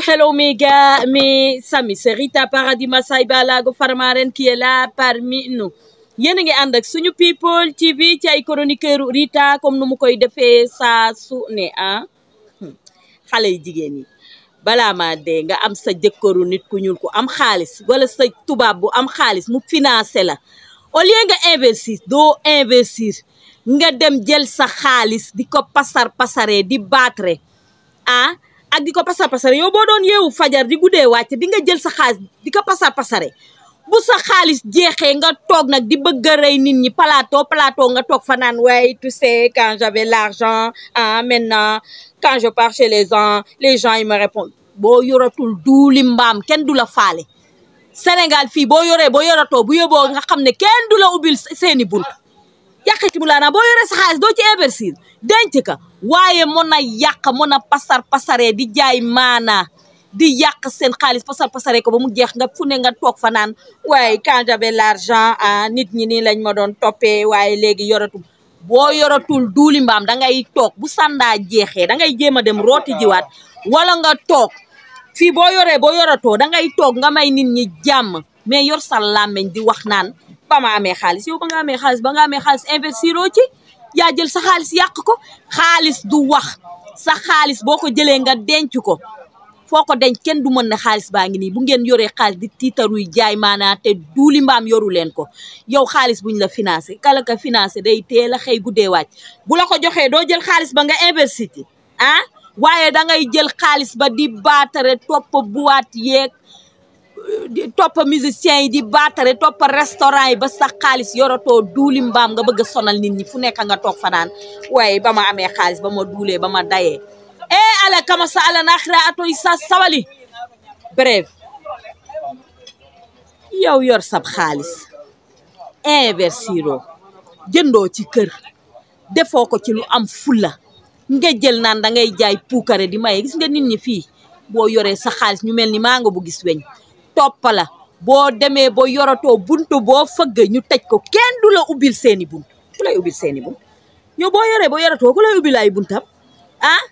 hello mega mi sami c'est Rita Paradis Masai Ba Lago Farmaren qui est là parmi nous yéen a ngi ànd ak suñu people TV ci ay chroniqueur Rita kom nu mu koy defee saa su ne ah hmm. xale yi jigéen yi balaa maa dee nga am sa jëkkëru nit ku ñuul ku am xaalis wala sa tubaab bu am xaalis mu financé la au lieu nga investir doo investir nga dem jël sa xaalis di ko pasar pasaree di battre ah ak di ko pasar pasare yow boo doon yeewu fajar di guddee wàcc di nga jël sa xaalis di ko pasar pasare bu sa xaalis jeexee nga toog nag di bëgg a rey nit ñi plateau nga toog fanaan waaye tu sais quand j'avais l'argent ah maintenant quand je pars les gens les gens ils me répondent boo yoratul duuli mbaam kenn du la faale Sénégal fii boo yoree boo yoratoo bu yóbboo nga xam ne kenn du la ubbil seeni bunt yàqati bu laanaa boo yoree sa xaalis doo ci investir denc ka waaye mën a yàq mën a pasar pasaree di jaay maanaa di yàq seen xaalis pasar pasare ko ba mu jeex nga fu ne nga toog fa naan waaye quand j'avais l'argent ah nit ñi nii lañ ma doon toppee waaye léegi yoratul boo yoratul duli mbaam da ngay toog bu sàndaa jeexee da ngay jéem a dem rooti jiwaat wala nga toog fii boo yoree boo yoratoo da ngay toog nga may nit ñi jàmm mais yor sa làmmeñ di wax naan ba ma amee xaalis yow ba nga amee xaalis ba nga amee xaalis investiroo ci yaa jël sa xaalis yàq ko xaalis du wax sa xaalis boo ko jëlee nga denc ko foo ko denc kenn du mën ne xaalis baa ngi nii bu ngeen yoree xaalis di tiitaru jaay maanaa te duuli mbaam yoru leen ko yow xaalis buñ la financé kala ka financé day teel a xëy guddee wàcc bu la ko joxee doo jël xaalis ba nga investir ah waaye da ngay jël xaalis ba di baatare topp buwaat yeeg toppa musiciens yi di baatare toppa restaurant yi ba sax xaalis yoratoo duuli mbaam nga bëgg sonal nit ñi fu nekk nga toog fanaan waaye ba ma amee xaalis ba ma duulee ba ma daye e eh, ala kama sa ala naxira atoy sa sawali bref yow yor sab xaalis investiroo jëndoo ci kër defoo ko ci lu am fulla nga jël naan da ngay jaay puukare di maye gis nga nit ñi fii boo yore sa xaalis ñu mel ni maa nga bu gis weñ topp boo demee ba yoratoo buntu boo fëgg ñu tëj ko kenn du la seeni bunt ku lay ubbil seeni bunt ño boo yoree ba yoratoo ku lay ubbil ay buntam ah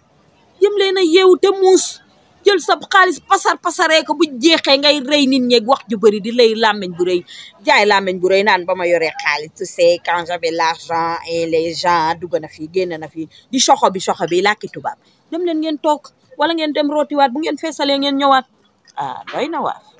jëm leen a yeewu te muus jël sa xaalis pasar pasaree ko bu jeexee ngay rey nit ñeeg wax ju bëri di lay làmmeñ bu rëy jaay làmmeñ bu rey naan ba ma yoree xaalis tu sais quand j'avais l'argent et les gens dugg na fii génn na fii di soxo bi soxo bi làkki tubaab dem leen ngeen toog wala ngeen dem rootiwaat bu ngeen feesalee ngeen ñëwaat ah doy na